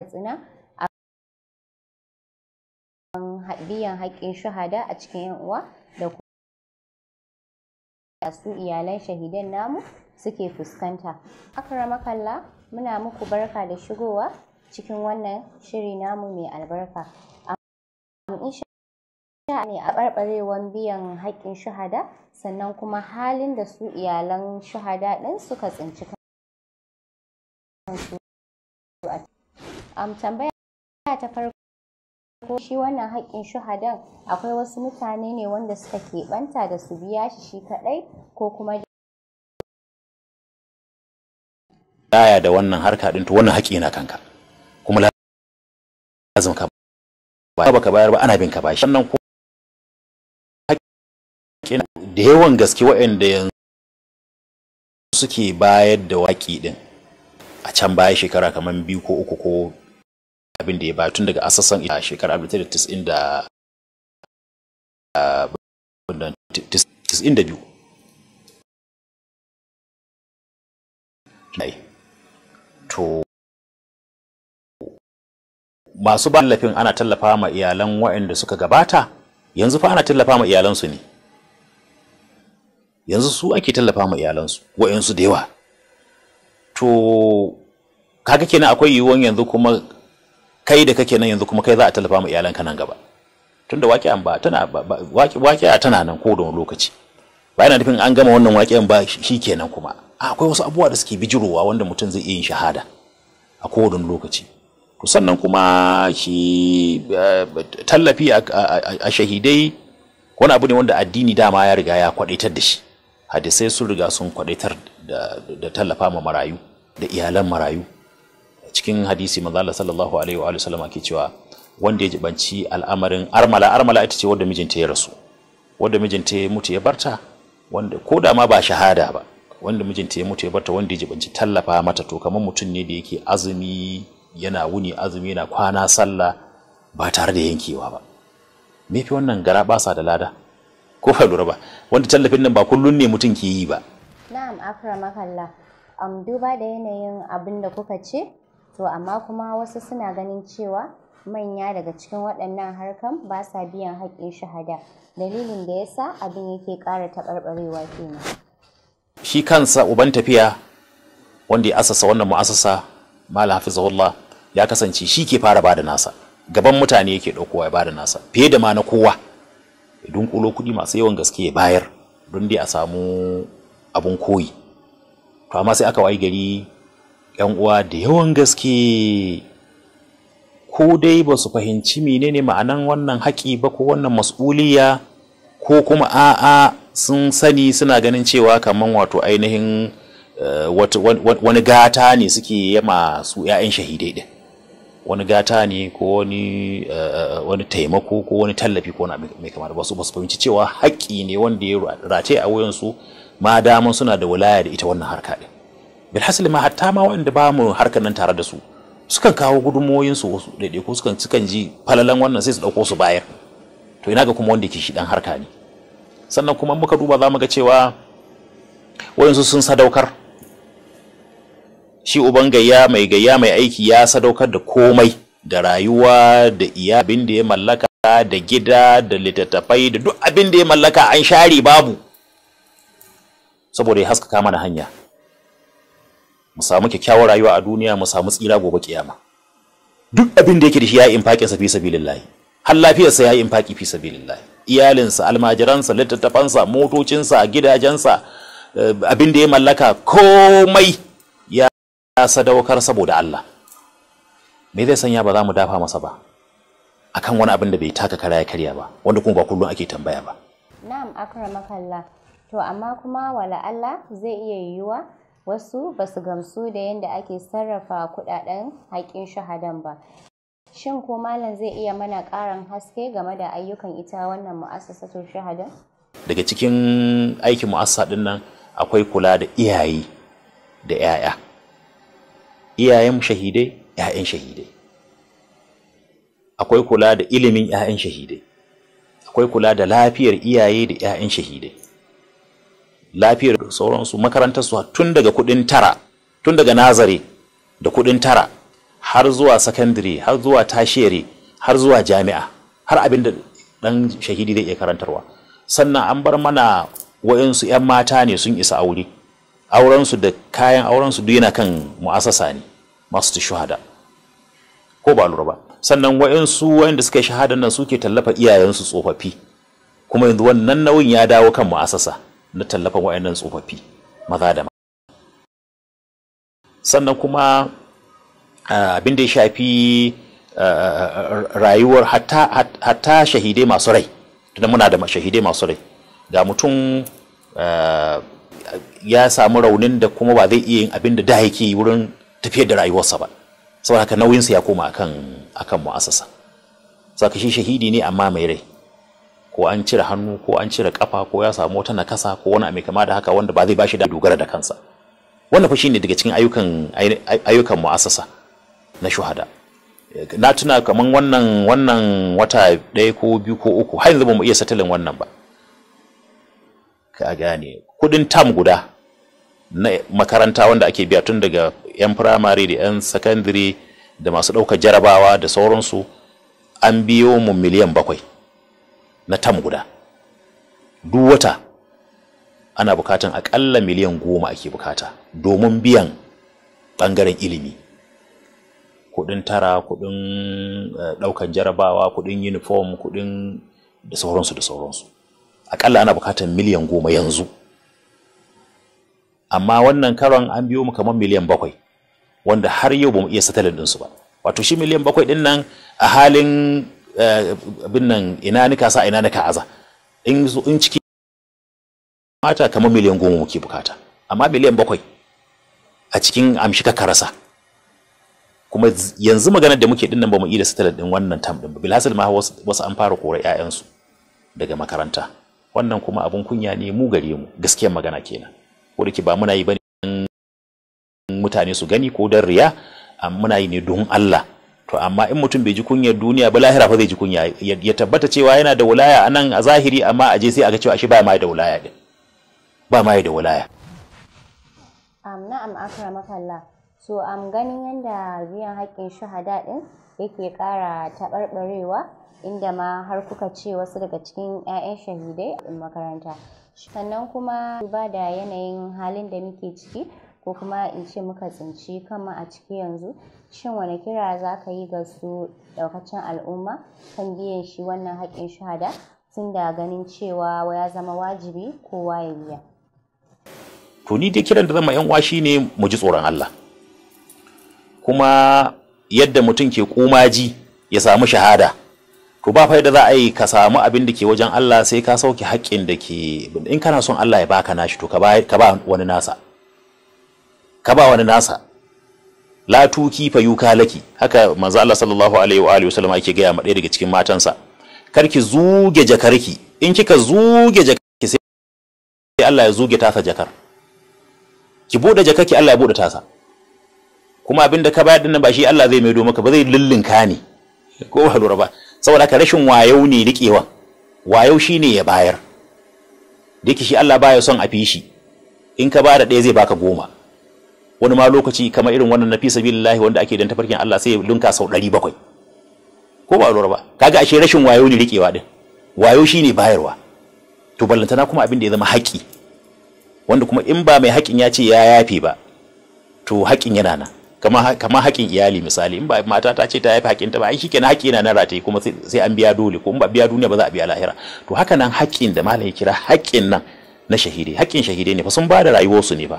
katsina a biyan haƙƙin shahada a cikin 'yan uwa da kuma su iyalan shahidan namu suke fuskanta kalla muna muku barka da shigowa cikin wannan shiri namu mai albarka ne a ɓarɓarewan biyan haƙƙin shahada sannan kuma halin da su iyalan shahada ɗin suka tsinci kansu a um, tambaya ta farko shi wannan haƙƙin shuhadan akwai wasu mutane ne wanda suka keɓanta da su biya shi shi kaɗai ko kuma daya da wannan harka ɗin to wannan haƙƙi na kanka kuma lazim ka ba ka bayar ba ana bin ka bashi wannan ko da yawan gaske waɗanda yanzu suke bayar da waƙi ɗin a can baya shekara kamar biyu ko uku ko abin da ya ba tun daga asasan a shekarar 1992 to masu ba tallafin ana tallafa ma iyalan waɗanda suka gabata yanzu fa ana tallafa ma iyalansu ne yanzu su ake tallafa ma iyalansu waɗansu da yawa to kaga kenan akwai yiwuwan yanzu kuma kai da kake nan yanzu kuma kai za a tallafa mu iyalanka nan gaba tunda waƙi'an ba tana waƙi'a tana nan ko da wani lokaci ba nufin an gama wannan waƙi'an ba shi kenan kuma akwai wasu abubuwa da suke bijirowa wanda mutum zai iya yin shahada a kowane lokaci to sannan kuma shi eh, tallafi a shahidai wani abu ne wanda addini dama ya riga ya kwadaitar da shi hadisai sun riga sun kwadaitar da tallafa ma marayu da iyalan marayu cikin hadisi manzo Allah sallallahu alaihi wa sallama ke cewa wanda ya jibanci al'amarin armala armala ita ce wanda mijinta ya rasu wanda mijinta ya mutu ya barta wanda ko da ma ba shahada ba wanda mijinta ya mutu ya barta wanda ya jibanci tallafa mata to kamar mutum ne da yake azumi yana wuni azumi yana kwana sallah ba tare da yankewa ba me fi wannan gara basa da lada ko fa lura ba wanda tallafin nan ba kullun ne mutum ke yi ba na'am akramakallah um, duba da yanayin abin da kuka ce to amma kuma wasu suna ganin cewa manya daga cikin waɗannan harkan ba sa biyan haƙƙin shahada dalilin da yasa abin yake ƙara taɓarɓarewa kenan shi kansa uban tafiya wanda ya asasa wannan mu'asasa malam hafizahullah ya kasance shi ke fara bada nasa gaban mutane yake ɗaukowa ya bada nasa fiye da ma na kowa idan dunkulo kuɗi masu yawan gaske ya bayar don dai a samu abun koyi to amma sai aka wayi gari 'yan uwa da yawan gaske ko dai ba su fahimci menene ma'anan wannan haƙi ba ko wannan mas'uliya ko kuma a'a sun sani suna ganin cewa kamar wato ainihin eh, wani gata ne suke yama su 'ya'yan shahidai din wani gata ne ko eh, wani taimako ko wani tallafi ko mai kamar ba su ba su fahimci cewa haƙi ne wanda ya rataye a wuyansu ma daman suna da wulaya da ita wannan harka din bilhassali ma hatta ma waɗanda ba mu harkar nan tare da su sukan kawo gudunmoyin su wasu ko sukan cikan ji falalan wannan sai su dauko su bayar to ina ga kuma wanda ke shi dan harka ne sannan kuma muka duba za mu ga cewa wayansu sun sadaukar shi uban gayya mai gayya mai aiki ya sadaukar da komai da rayuwa da iya abin da ya mallaka da gida da littattafai da duk abin da ya mallaka an share babu saboda ya haskaka mana hanya mu samu kyakkyawar rayuwa a duniya mu samu tsira gobe kiyama duk abin da yake da shi ya yi sa fi sabilillahi har lafiyarsa ya yi infaƙi fi sabilillahi iyalinsa almajiransa littattafansa motocinsa gidajensa eh, abin da ya mallaka komai ya sadaukar saboda Allah me zai sanya ba za mu dafa masa ba akan wani abin da bai taka kara ya karya ba wanda kuma ba kullum ake tambaya ba na'am akramakallah to amma kuma wala Allah zai iya yiwuwa wasu ba su gamsu da yadda ake sarrafa kuɗaɗen haƙƙin shahadan ba shin ko malam zai iya mana ƙarin haske game da ayyukan ita wannan mu'assasatul shahada daga cikin aikin mu'assasa din nan akwai kula da iyaye da 'ya'ya iyayen shahidai 'ya'yan shahidai akwai kula da ilimin 'ya'yan shahidai akwai kula da lafiyar iyaye da 'ya'yan shahidai lafiyar sauransu makarantar su tun daga kudin tara tun daga nazare da kudin tara har zuwa sakandare har zuwa tashere har zuwa jami'a har abin da dan shahidi zai iya karantarwa sannan an bar mana wayansu 'yan mata ne sun isa aure aurensu da kayan aurensu duk yana kan mu'asasa ne masu shuhada ko ba lura ba sannan wayansu wayanda suka yi shahadan nan suke tallafa iyayensu tsofaffi kuma yanzu wannan nauyin ya dawo kan mu'asasa na tallafin wayannan tsofaffi maza da sannan kuma abin da ya shafi rayuwar hatta shahidai masu rai tunan muna da shahidai masu rai Da mutum ya samu raunin da kuma ba zai iya yin abin da da yake yi wurin tafiyar da rayuwarsa ba saboda haka nauyinsa ya koma akan akan mu'asasa saka shi shahidi ne amma mai rai ko an cire hannu ko an cire kafa ko ya samu wata nakasa ko wani mai kama da haka wanda ba zai bashi da dogara da kansa wannan fa ne daga cikin ayyukan ayyukan mu'assasa na shuhada na tuna kaman wannan wannan wata ɗaya ko biyu ko uku har yanzu ba mu iya satalin wannan ba ka gane kudin tam guda na makaranta wanda ake biya tun daga 'yan firamare da 'yan secondary da masu ɗaukar jarabawa da sauransu an biyo mu miliyan bakwai na tam guda duk wata ana bukatan akalla miliyan goma ake bukata domin biyan bangaren ilimi kuɗin tara kuɗin eh, ɗaukan jarabawa kuɗin uniform kuɗin da sauransu da sauransu akalla ana bukatan miliyan goma yanzu amma wannan karon an biyo mu kamar miliyan bakwai wanda har yau ba mu iya satalin ɗinsu ba wato shi miliyan bakwai ɗin nan a halin Eh, abin nan ina nika sa ina nika aza in in ciki mata kamar miliyan goma muke bukata amma miliyan bakwai a cikin amshi karasa kuma yanzu maganar da muke din nan bamu iya sitalar din wannan tam din bilhassal ma wasu an fara kore ƴaƴansu daga makaranta wannan kuma abun kunya ne mu gare mu gaskiyar magana kenan ko da ba muna yi bane mutane su gani ko dan riya muna yi ne don Allah to amma in mutum bai ji kunyar duniya ba lahira fa zai ji kunya ya tabbata cewa yana da wulaya anan a zahiri amma a je sai aga cewa shi ba ma da wulaya din ba mai da wulaya am na'am akramakallah so am ganin yanda biyan haƙƙin shahada din yake ƙara taɓarɓarewa inda ma har kuka ce wasu daga cikin 'ya'yan shahidai makaranta sannan kuma ba da yanayin halin da muke ciki ko kuma in ce muka tsinci kanmu a ciki yanzu shin wani kira za ka yi ga su ɗaukacin al'umma kan biyan shi wannan haƙƙin shahada tun da ganin cewa ya zama wajibi kowa ya biya to ni dai kiran da zama yan uwa shine mu ji tsoron Allah kuma yadda mutum ke ji ya samu shahada to ba faida za a yi ka samu abin da ke wajen Allah sai ka sauke haƙƙin da ke in kana son Allah ya baka nashi to ka ba wani nasa ka ba wani nasa la tuki fa yuka haka manzo Allah sallallahu alaihi wa alihi wasallam yake gaya ma ɗaya daga cikin matansa karki zuge jakarki in kika zuge jakarki sai Allah ya zuge tasa jakar ki bude jakarki Allah ya bude tasa kuma abinda ka bayar dinnan ba shi Allah zai maido maka ba zai lullunka ne ko ba lura ba saboda ka rashin wayau ne rikewa wayo shine ya bayar dake shi Allah baya son a fi shi in ka bada ɗaya zai baka goma wani ma lokaci kamar irin wannan na fi sabilillahi wanda ake dan tafarkin Allah sai lunka sau 700 ko ba lura ba kaga ashe rashin wayo ne rikewa din wayo shine bayarwa to ballantana kuma abin da ya zama haƙi wanda kuma in ba mai haƙin ya ce ya yafe ba to haƙin yana nan kama haƙin iyali misali in ba mata ta ce ta yafe haƙin ta ba ai shikenan haƙi yana nan rataye kuma sai an biya dole ko in ba biya duniya ba za a biya lahira to haka nan haƙin da malam ya kira haƙin nan na shahidai haƙin shahidai ne fa sun ba da rayuwarsu ne ba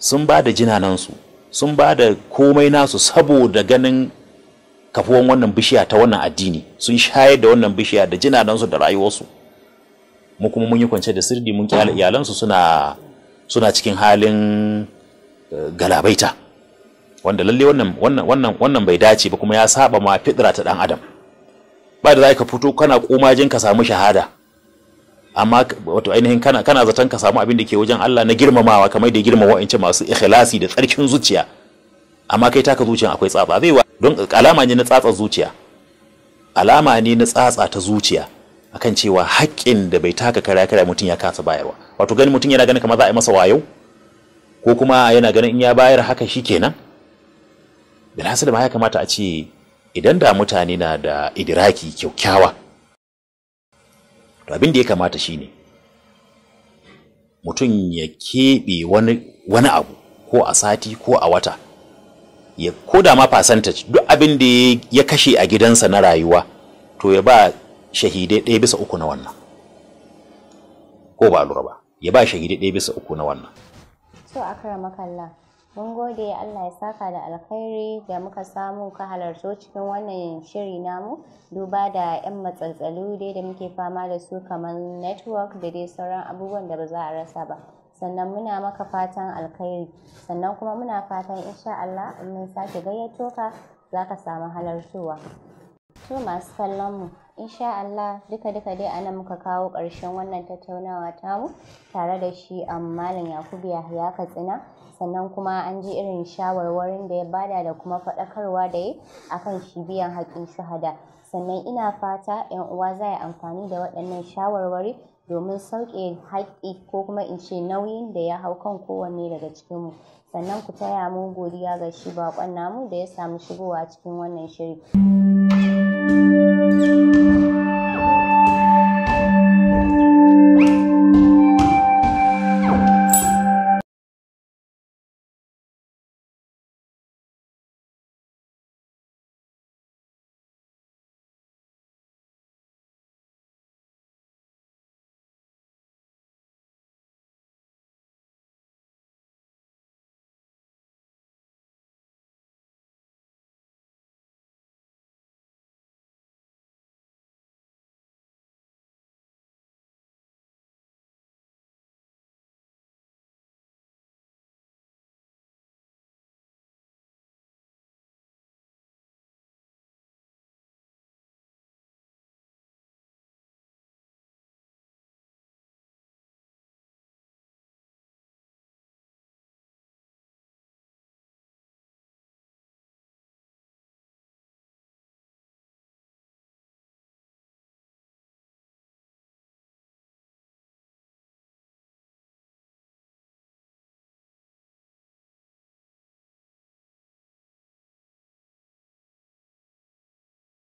sun ba da jinanansu sun ba da komai nasu saboda ganin kafuwan wannan bishiya ta wannan addini sun shayar da wannan bishiya da jinanansu da rayuwarsu mu kuma mun yi kwance da sirdi mun kyale iyalansu suna cikin halin eh, galabaita wanda lalle wannan bai dace ba kuma ya saba ma fitra ta dan adam ba da za ka fito kana komajin ka samu shahada amma wato ainihin kana kana zaton ka samu abin da ke wajen Allah na girmamawa kamar da girmama wa'ance masu ikhlasi da tsarkin zuciya amma kai taka zuciya akwai tsatsa zai wa don alama ne na tsatsa zuciya alama ne na tsatsa ta zuciya akan cewa haƙƙin da bai taka kara kara mutum ya kasa bayarwa wato ganin mutum yana ganin kamar za a yi masa wayo ko kuma yana ganin in ya bayar haka shikenan bilhassa da ma ya kamata a ce idan da mutane na da idiraki kyaukyawa to abin da ya kamata shine mutum ya keɓe wani abu ko a sati ko a wata ya koda ma percentage duk abin da ya kashe a gidansa na rayuwa to ya ba shahide ɗaya bisa uku na wannan ko ba lura ba ya ba shahide ɗaya bisa uku na wannan so makalla Mun gode Allah ya saka da alkhairi da muka samu ka halarto cikin wannan shiri namu duba da 'yan matsaltsalu dai da muke fama da su kamar network da dai sauran abubuwan da ba za a rasa ba. Sannan muna maka fatan alkhairi sannan kuma muna fatan insha Allah mun sake gayyato ka za ka samu halartowa. To masu kallon mu insha Allah duka-duka dai anan muka kawo ƙarshen wannan tattaunawa tamu tare da shi um, malam Yakubu yahya Katsina sannan kuma an ji irin shawarwarin da ya bada da kuma faɗakarwa da ya akan shi biyan haƙƙin shahada sannan ina fata 'yan uwa za a yi amfani da waɗannan shawarwari domin sauƙe haƙƙi ko kuma in ce nauyin da ya hau kan kowanne daga cikin mu sannan ku taya mu godiya ga shi baƙon namu da ya samu shigowa cikin wannan shiri.